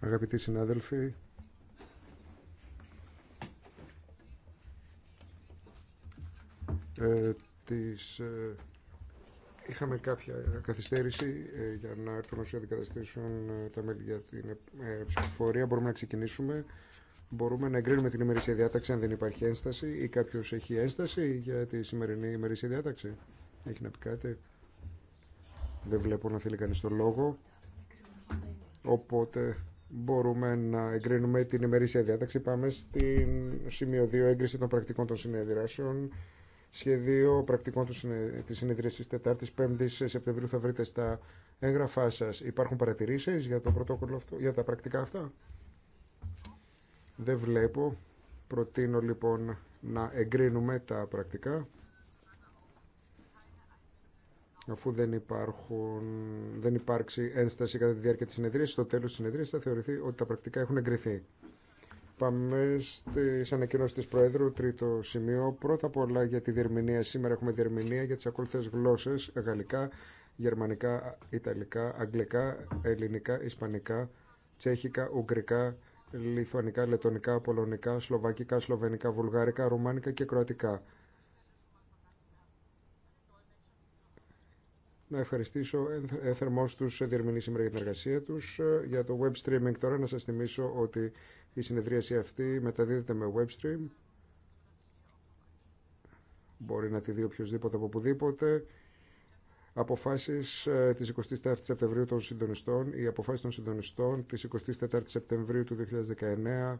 Αγαπητοί συνάδελφοι, ε, τις, ε, είχαμε κάποια καθυστέρηση ε, για να έρθουν όσοι αντικαταστήσουν ε, τα μέλη για την ψηφοφορία. Μπορούμε να ξεκινήσουμε. Μπορούμε να εγκρίνουμε την ημερήσια διάταξη αν δεν υπάρχει ένσταση ή κάποιος έχει ένσταση για τη σημερινή ημερήσια διάταξη. Έχει να πει κάτι. Δεν βλέπω να θέλει κανείς το λόγο. Οπότε μπορούμε να εγκρίνουμε την ημερήσια διάταξη. Πάμε στην σημείο 2, έγκριση των πρακτικών των συνεδριάσεων. Σχεδίο πρακτικών του συνε... της συνεδρίασης 4ης 5ης Σεπτεμβρίου θα βρείτε στα έγγραφά σας. Υπάρχουν παρατηρήσεις για το πρωτόκολλο αυτό, για τα πρακτικά αυτά. Δεν βλέπω. Προτείνω λοιπόν να εγκρίνουμε τα πρακτικά αφού δεν, υπάρχουν, δεν υπάρξει ένσταση κατά τη διάρκεια της συνεδρίας, στο τέλος της συνεδρίας θα θεωρηθεί ότι τα πρακτικά έχουν εγκριθεί. Πάμε στι ανακοινώσει τη Προέδρου, τρίτο σημείο. Πρώτα απ' όλα για τη διερμηνία. Σήμερα έχουμε διερμηνία για τι ακολουθέ γλώσσε: γαλλικά, γερμανικά, ιταλικά, αγγλικά, ελληνικά, ισπανικά, τσέχικα, ουγγρικά, λιθουανικά, λετωνικά, πολωνικά, σλοβακικά, σλοβενικά, βουλγάρικα, ρουμάνικα και κροατικά. να ευχαριστήσω θερμό του διερμηνεί σήμερα για την εργασία του. Για το web streaming τώρα να σα θυμίσω ότι η συνεδρίαση αυτή μεταδίδεται με web stream. Μπορεί να τη δει οποιοδήποτε από οπουδήποτε. Αποφάσει τη 24η Σεπτεμβρίου των συντονιστών. Οι αποφάσει των συντονιστών τη 24η Σεπτεμβρίου του 2019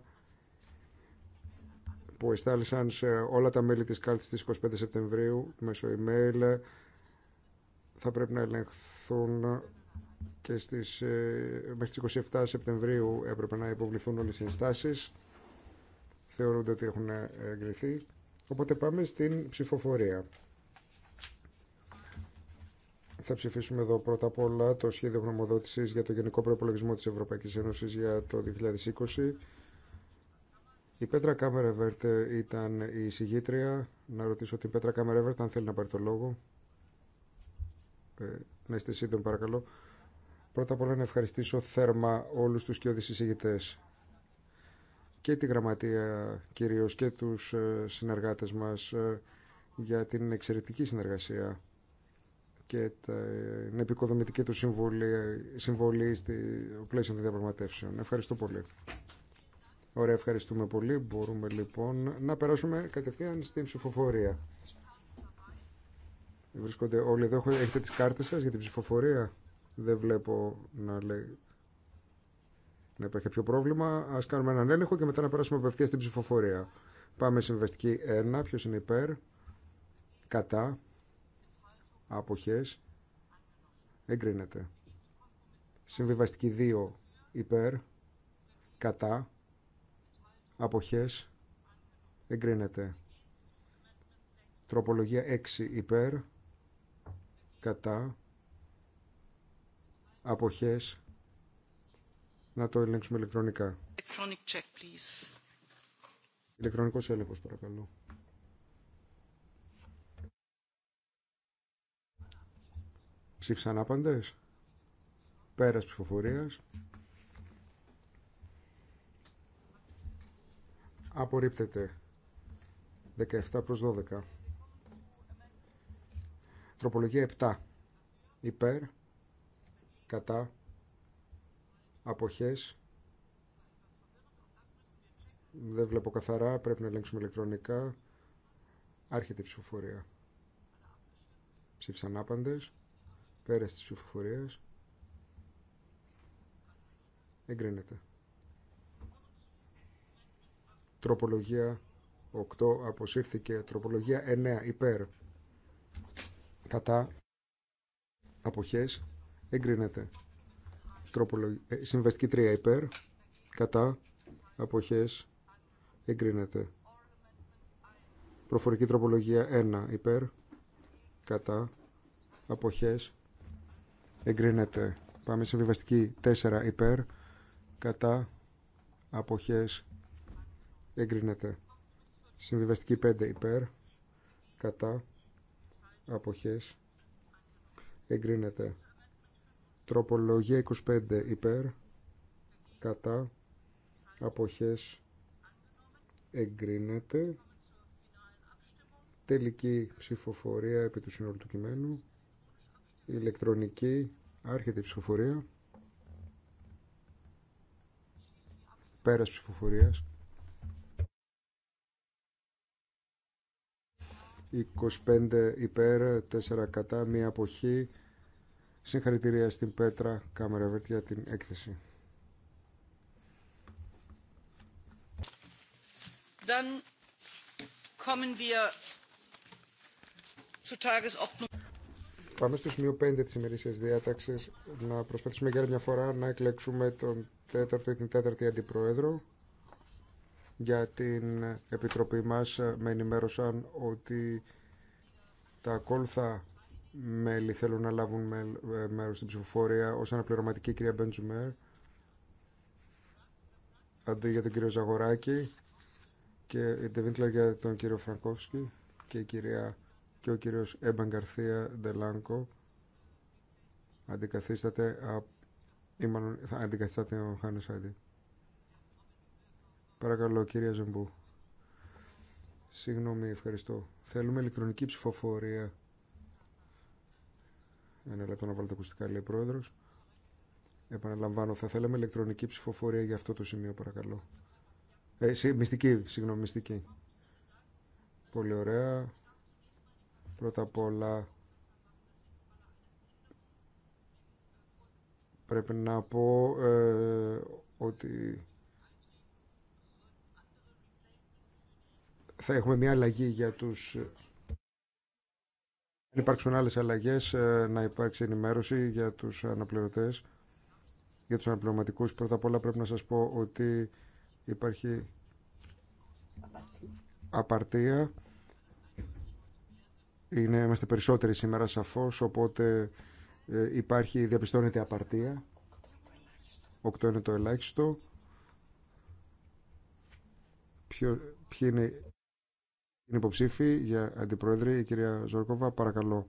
που εστάλησαν σε όλα τα μέλη της κάλτης της 25 Σεπτεμβρίου μέσω email θα πρέπει να ελεγχθούν και στις, ε, μέχρι τις 27 Σεπτεμβρίου έπρεπε να υποβληθούν όλες οι συνστάσεις. Θεωρούνται ότι έχουν εγκριθεί. Οπότε πάμε στην ψηφοφορία. Θα ψηφίσουμε εδώ πρώτα απ' όλα το σχέδιο γνωμοδότησης για το Γενικό Προπολογισμό της Ευρωπαϊκής Ένωσης για το 2020. Η Πέτρα Κάμερεβερτ ήταν η συγγήτρια. Να ρωτήσω την Πέτρα Κάμερεβερτ αν θέλει να πάρει το λόγο. Ε, να είστε σύντομοι παρακαλώ. Πρώτα απ' όλα να ευχαριστήσω θέρμα όλους τους και ηγέτες και τη γραμματεία κυρίως και τους ε, συνεργάτες μας ε, για την εξαιρετική συνεργασία και την επικοδομητική του συμβολή, στη πλαίσιο των διαπραγματεύσεων. Ευχαριστώ πολύ. Ωραία, ευχαριστούμε πολύ. Μπορούμε λοιπόν να περάσουμε κατευθείαν στην ψηφοφορία. Βρίσκονται όλοι εδώ. Έχετε τις κάρτες σας για την ψηφοφορία. Δεν βλέπω να λέει να υπάρχει κάποιο πρόβλημα. Ας κάνουμε έναν έλεγχο και μετά να περάσουμε απευθεία στην ψηφοφορία. Πάμε συμβιβαστική 1. Ποιος είναι υπέρ. Κατά. Αποχές. Εγκρίνεται. Συμβιβαστική 2. Υπέρ. Κατά. Αποχές. Εγκρίνεται. Τροπολογία 6 υπέρ, κατά αποχές να το ελέγξουμε ηλεκτρονικά. Electronic check, please. Ηλεκτρονικός έλεγχος παρακαλώ. Ψήφισαν άπαντες. Πέρας ψηφοφορίας. Απορρίπτεται. 17 προς 12. Τροπολογία 7 υπέρ κατά αποχές δεν βλέπω καθαρά πρέπει να ελέγξουμε ηλεκτρονικά άρχεται η ψηφοφορία ψήφισαν άπαντες πέρας της ψηφοφορίας εγκρίνεται τροπολογία 8 αποσύρθηκε τροπολογία 9 υπέρ κατά αποχές εγκρίνεται Τροπολογ... Ε, συμβαστική 3 υπέρ κατά αποχές εγκρίνεται προφορική τροπολογία 1 υπέρ κατά αποχές εγκρίνεται πάμε σε βιβαστική 4 υπέρ κατά αποχές εγκρίνεται συμβιβαστική 5 υπέρ κατά αποχές εγκρίνεται τροπολογία 25 υπέρ κατά αποχές εγκρίνεται τελική ψηφοφορία επί του συνόλου του κειμένου ηλεκτρονική άρχεται η ψηφοφορία πέρας ψηφοφορίας 25 υπέρ, 4 κατά, μία αποχή. Συγχαρητήρια στην Πέτρα Κάμερεβερτ για την έκθεση. Dann kommen wir zu Tagesordnung. Πάμε στο σημείο 5 της ημερήσιας διάταξης να προσπαθήσουμε για μια φορά να εκλέξουμε τον τέταρτο ή την τέταρτη αντιπρόεδρο για την Επιτροπή μας ε, με ενημέρωσαν ότι τα ακόλουθα μέλη θέλουν να λάβουν ε, μέρος στην ψηφοφορία ως αναπληρωματική κυρία Μπεντζουμέρ αντί για τον κύριο Ζαγοράκη και η Ντεβίντλερ για τον κύριο Φρανκόφσκι και, κυρία, και ο κύριος Έμπαν Καρθία Ντελάνκο αντικαθίσταται, αντικαθίσταται ο Παρακαλώ, κυρία Ζεμπού. Συγγνώμη, ευχαριστώ. Θέλουμε ηλεκτρονική ψηφοφορία. Ένα λεπτό να βάλω τα ακουστικά, λέει πρόεδρο. Επαναλαμβάνω, θα θέλαμε ηλεκτρονική ψηφοφορία για αυτό το σημείο, παρακαλώ. Ε, μυστική, συγγνώμη, μυστική. Πολύ ωραία. Πρώτα απ' όλα πρέπει να πω ε, ότι θα έχουμε μια αλλαγή για τους... Αν υπάρξουν άλλες αλλαγές, ε, να υπάρξει ενημέρωση για τους αναπληρωτές, για τους αναπληρωματικούς. Πρώτα απ' όλα πρέπει να σας πω ότι υπάρχει απαρτία. Είναι, είμαστε περισσότεροι σήμερα σαφώς, οπότε ε, υπάρχει, διαπιστώνεται απαρτία. οκτώ είναι το ελάχιστο. Ποιο, ποιοι είναι είναι υποψήφη για Αντιπρόεδρη η κυρία Ζορκοβά. Παρακαλώ.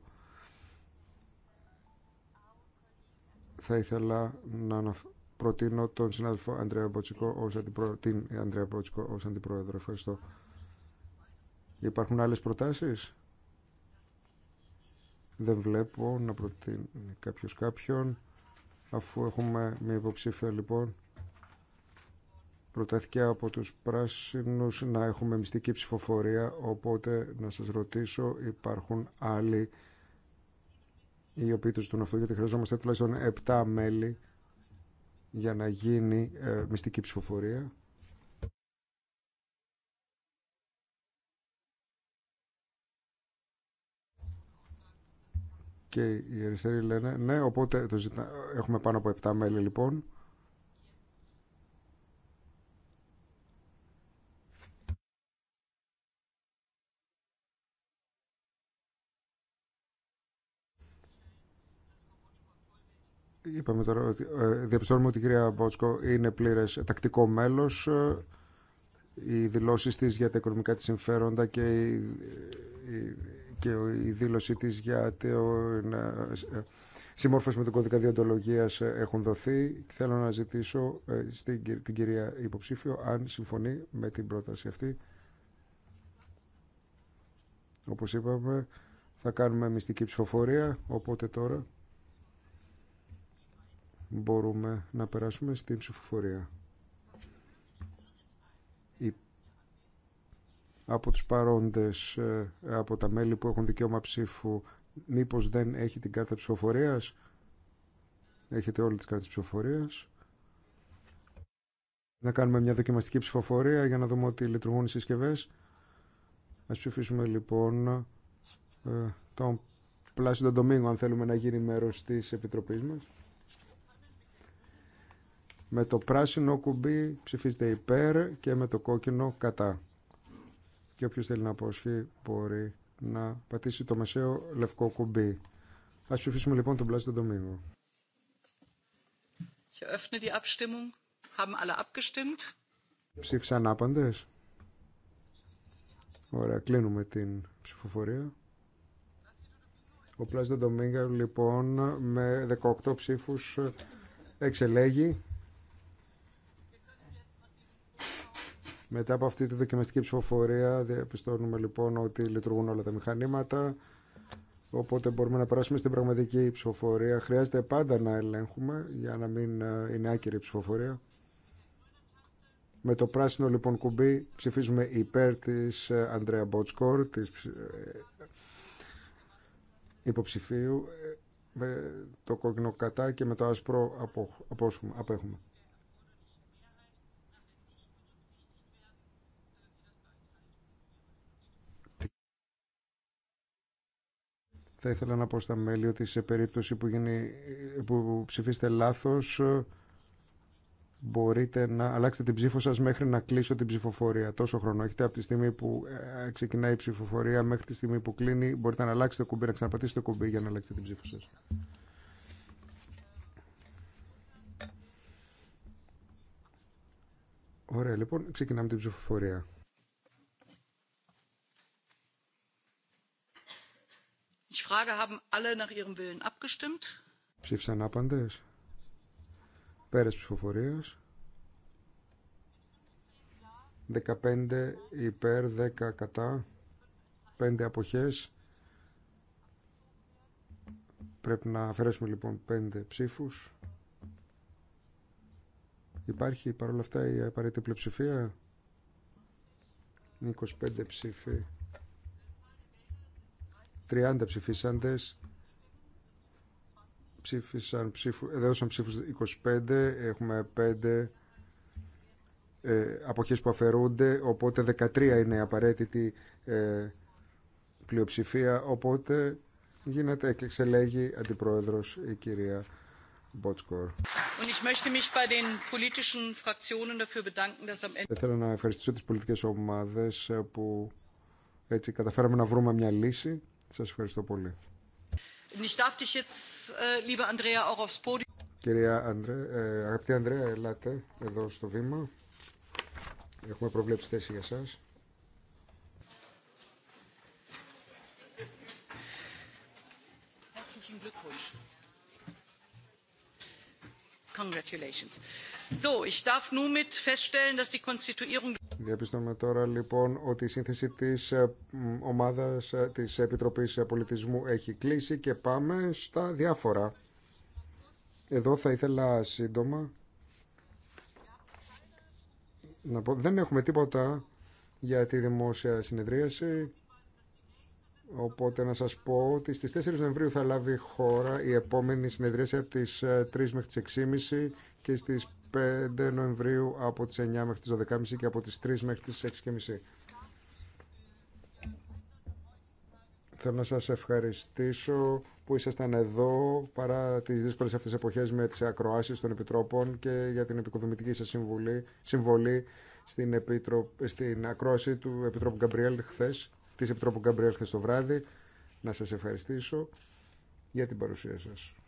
Θα ήθελα να προτείνω τον συνάδελφο Ανδρέα Μποτσικό ως Την Αντρέα Μποτσικό ως αντιπρόεδρο. Ευχαριστώ. Υπάρχουν άλλες προτάσεις. Δεν βλέπω να προτείνει κάποιος κάποιον. Αφού έχουμε μια υποψήφια λοιπόν προτάθηκε από τους πράσινους να έχουμε μυστική ψηφοφορία, οπότε να σας ρωτήσω υπάρχουν άλλοι οι οποίοι το ζητούν αυτό, γιατί χρειαζόμαστε τουλάχιστον 7 μέλη για να γίνει ε, μυστική ψηφοφορία. Και οι αριστεροί λένε ναι, οπότε το έχουμε πάνω από 7 μέλη λοιπόν. Είπαμε τώρα ότι ε, διαπιστώνουμε ότι η κυρία Μπότσκο είναι πλήρες τακτικό μέλος. Ε, οι δηλώσει της για τα οικονομικά της συμφέροντα και η, και η δήλωσή της για την ε, συμμόρφωση με τον κώδικα διοντολογίας έχουν δοθεί. Θέλω να ζητήσω στην, την κυρία υποψήφιο αν συμφωνεί με την πρόταση αυτή. Όπως είπαμε θα κάνουμε μυστική ψηφοφορία, οπότε τώρα μπορούμε να περάσουμε στην ψηφοφορία. Από τους παρόντες, ε, από τα μέλη που έχουν δικαίωμα ψήφου, μήπως δεν έχει την κάρτα ψηφοφορίας. Έχετε όλη τις κάρτες ψηφοφορίας. Να κάνουμε μια δοκιμαστική ψηφοφορία για να δούμε ότι λειτουργούν οι συσκευές. Ας ψηφίσουμε λοιπόν ε, τον Πλάσιο Ντομίνγκο αν θέλουμε να γίνει μέρος της Επιτροπής μας. Με το πράσινο κουμπί ψηφίστε υπέρ και με το κόκκινο κατά. Και όποιος θέλει να αποσχεί μπορεί να πατήσει το μεσαίο λευκό κουμπί. Ας ψηφίσουμε λοιπόν τον Πλάσιο Ντομίγο. Ich Ψήφισαν άπαντες. Ωραία, κλείνουμε την ψηφοφορία. Ο Πλάσιο Ντομίγκα λοιπόν με 18 ψήφους εξελέγει Μετά από αυτή τη δοκιμαστική ψηφοφορία διαπιστώνουμε λοιπόν ότι λειτουργούν όλα τα μηχανήματα οπότε μπορούμε να περάσουμε στην πραγματική ψηφοφορία. Χρειάζεται πάντα να ελέγχουμε για να μην ε, είναι άκυρη η ψηφοφορία. Με το πράσινο λοιπόν κουμπί ψηφίζουμε υπέρ της ε, Ανδρέα Μπότσκορ, της ε, υποψηφίου, με το κόκκινο κατά και με το άσπρο απέχουμε. Θα ήθελα να πω στα μέλη ότι σε περίπτωση που, γίνει, που ψηφίσετε λάθος μπορείτε να αλλάξετε την ψήφο σας μέχρι να κλείσω την ψηφοφορία. Τόσο χρόνο έχετε από τη στιγμή που ε, ξεκινάει η ψηφοφορία μέχρι τη στιγμή που κλείνει μπορείτε να αλλάξετε το κουμπί, να ξαναπατήσετε κουμπί για να αλλάξετε την ψήφο σας. Ωραία, λοιπόν, ξεκινάμε την ψηφοφορία. Ich frage, haben alle nach ihrem Willen abgestimmt? Ψήφισαν Πέρα τη ψηφοφορία. 15 υπέρ, 10 κατά, 5 αποχέ. Πρέπει να αφαιρέσουμε λοιπόν 5 ψήφου. Υπάρχει παρόλα αυτά η απαραίτητη πλειοψηφία. 25 ψήφοι. 30 ψηφίσαντες ψήφισαν ψήφου, έδωσαν ε, ψήφους 25, έχουμε 5 ε, που αφαιρούνται, οπότε 13 είναι η απαραίτητη ε, πλειοψηφία, οπότε γίνεται εξελέγει αντιπρόεδρος η κυρία Μποτσκορ. Θέλω να ευχαριστήσω τις πολιτικές ομάδες ε, που έτσι καταφέραμε να βρούμε μια λύση. Σας ευχαριστώ πολύ. Κυρία Αντρέ, ε, αγαπητή Ανδρέα, ελάτε εδώ στο βήμα. Έχουμε προβλέψει θέση για σας. Congratulations. So, ich darf nun mit feststellen, dass die Konstituierung Διαπιστώνουμε τώρα λοιπόν ότι η σύνθεση της ε, ομάδας ε, της Επιτροπής Πολιτισμού έχει κλείσει και πάμε στα διάφορα. Εδώ θα ήθελα σύντομα να πω, δεν έχουμε τίποτα για τη δημόσια συνεδρίαση. Οπότε να σας πω ότι στις 4 Νοεμβρίου θα λάβει χώρα η επόμενη συνεδρίαση από τις 3 ε, μέχρι τις 6.30 και στις 5 Νοεμβρίου από τις 9 μέχρι τις 12.30 και από τις 3 μέχρι τις 6.30. Θέλω να σας ευχαριστήσω που ήσασταν εδώ παρά τις δύσκολες αυτές εποχές με τις ακροάσεις των Επιτρόπων και για την επικοδομητική σας συμβολή, συμβολή στην, Επιτρο... στην ακρόαση του Επιτρόπου Γκαμπριέλ χθες, της Επιτρόπου Γκαμπριέλ χθες το βράδυ. Να σας ευχαριστήσω για την παρουσία σας.